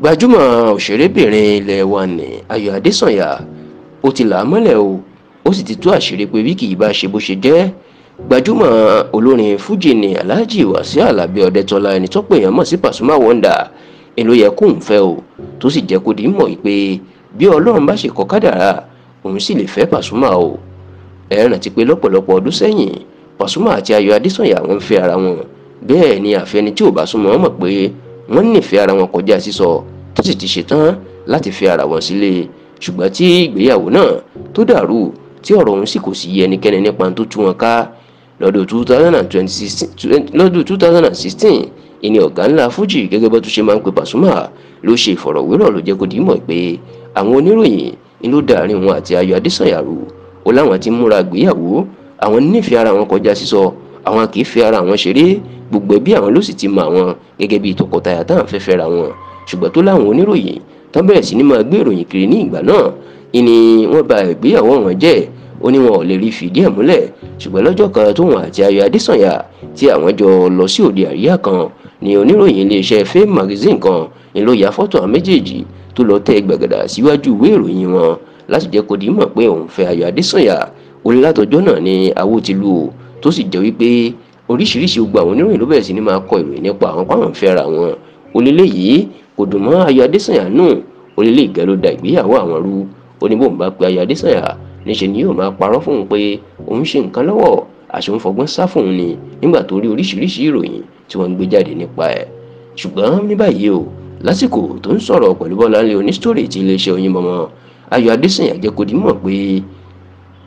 gbajúmọ̀ òṣèrébìnrin ilẹ̀ wa ní Ayọ̀ Adésànyà ó ti là á mọ́lẹ̀ o ó sì ti tú àṣírí pé bí kì í bá ṣe bó ṣe jẹ́ gbajúmọ̀ olórin fújì ní Alhaji Wasiu Alabi Ọdẹtọlá ẹni tó pèèyàn mọ̀ sí Pasuma Wonder èló yẹ kó ń fẹ́ o tó sì jẹ́ kó di mọ̀ pé bí Ọlọ́run bá ṣe kọ kádàrá òun sì lè fẹ́ Pasuma o ẹ rántí pé lọ́pọ̀lọpọ̀ ọdún sẹ́yìn Pasuma àti Ayọ̀ Adésànyà wọ́n ń fẹ́ ara wọn bẹ́ẹ̀ ni àfẹ́ni tí ò bá súnmọ́ mọ̀ pé wọ́n nífẹ̀ẹ́ ara wọn kọjá sísọ tó sì ti ṣetán láti fi ara wọn sílé ṣùgbọ́n tí ìgbéyàwó náà tó dàrú tí ọ̀rọ̀ ọ̀hún sì kò sí yé ẹnikẹ́ni nípa tó tú wọn ká lọ́dún 2016 ìní ọ̀gá ńlá Fuji gẹ́gẹ́ bó tún ṣe máa ń pe Pasuma ló ṣe ìfọ̀rọ̀wérọ̀ ló jẹ́ kó dìímọ̀ pé àwọn oníròyìn ni ló dàárín wọn àti Ayọ̀ Adésànyà rú ó láwọn ti múra gbéyàwó àwọn nífẹ̀ẹ́ ara wọn kọjá sísọ àwọn kì í fi ara wọn ṣeré gbogbo ẹbí àwọn ló sì ti mọ àwọn gẹ́gẹ́ bí tọkọtaya táwọn fẹ́ fẹ́ra wọn ṣùgbọ́n tó láwọn oníròyìn tán bẹ̀rẹ̀ sí ní máa gbé ìròyìn kiri ní ìgbà náà ìní wọ́n bà ìgbéyàwó wọn jẹ́ ó ní wọn ò lè rí fìdí ẹ̀ múlẹ̀ ṣùgbọ́n lọ́jọ́ kan tóun àti Ayọ̀ Adésànyà tí àwọn jọ lọ sí òde àríyá kan ni oníròyìn iléeṣẹ́ Fame magazine kan ni ló ya fọ́tò àwọn méjèèjì tó lọ tẹ́ gbàgàdà síwájú ìwé ìròyìn wọn láti jẹ́ kó di mọ̀ pé òun fẹ́ Ayọ̀ Adésànyà ó lé látọjọ́ náà ni awó ti lù ó tó sì jẹ́ wípé oríṣiríṣi gbogbo àwọn oníròyìn ló bẹ̀rẹ̀ sí ni máa kọ ìròyìn nípa àwọn páwọn fẹ́ ra wọn olélé yìí kò dùn mọ́ Ayọ̀ Adésànyà náà olélé ìgẹ́ ló da ìgbéyàwó àwọn rú ó ní bóun bá pe Ayọ̀ Adésànyà níṣẹ́ ni yóò máa parọ́ fóun pé òun ṣe nǹkan lọ́wọ́ àṣẹ òun fọgbọ́n sá fóun ni nígbà tó rí oríṣiríṣi ìròyìn tí wọ́n ń gbé jáde nípa ẹ̀ ṣùgbọ́n ní báyìí o lásìkò tó ń sọ̀rọ̀ pẹ̀lú Bọ́láńlé Onísítórì ti iléeṣẹ́ Oyinmọmọ Ayọ̀ Adésànyà jẹ́ kó di mọ̀ pé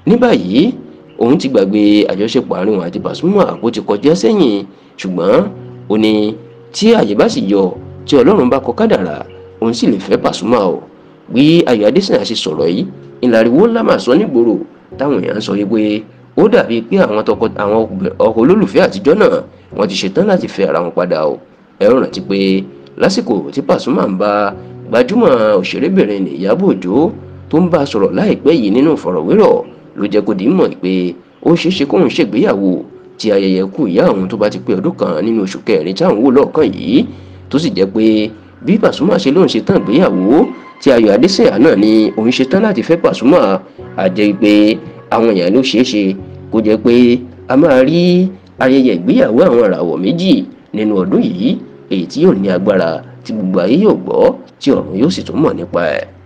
ní báyìí òun ti gbàgbé àjọṣepọ̀ àárín òun àti Pasuma àpò ti kọjá sẹ́yìn ṣùgbọ́n ó ní tí àyè bá sì yọ tí Ọlọ́run bá kọ kádàrà òun sì lè fẹ́ Pasuma o bí Ayọ̀ Adésínà ṣe sọ̀rọ̀ yìí ìlàríwó ńlá mà sọ nígboro táwọn èèyàn sọ wípé ó dàbí pé àwọn ọkọ olólùfẹ́ àtijọ́ náà wọ́n ti ṣetán láti fẹ́ ara wọn padà o ẹ rántí pé lásìkò tí Pasuma ń bá gbajúmọ̀ òṣèrébìnrin Ìyábọ̀ Òjó tó ń bá a sọ̀rọ̀ láìpẹ́ yìí nínú ìfọ̀rọ̀wérọ̀ ló jẹ́ kó di mọ̀ pé ó ṣeéṣe kóun ṣègbéyàwó ti ayẹyẹ kú ìyá òun tó bá ti pé ọdún kan nínú oṣù kẹrin táwọn wò lọ́ọ̀kan yìí tó sì jẹ́ pé bí Pasuma ṣe lóun ṣe tán ìgbéyàwó tí Ayọ̀ Adésẹ̀yà náà ni òun ṣe tán láti fẹ́ Pasuma àjẹ́ pé àwọn èèyàn ló ṣeé ṣe kó jẹ́ pé a máa rí ayẹyẹ ìgbéyàwó àwọn ìràwọ̀ méjì nínú ọdún yìí èyí tí yóò ní agbára tí gbogbo ayé yóò gbọ́ tí ọ̀run yóò sì tún mọ̀ nípa ẹ̀.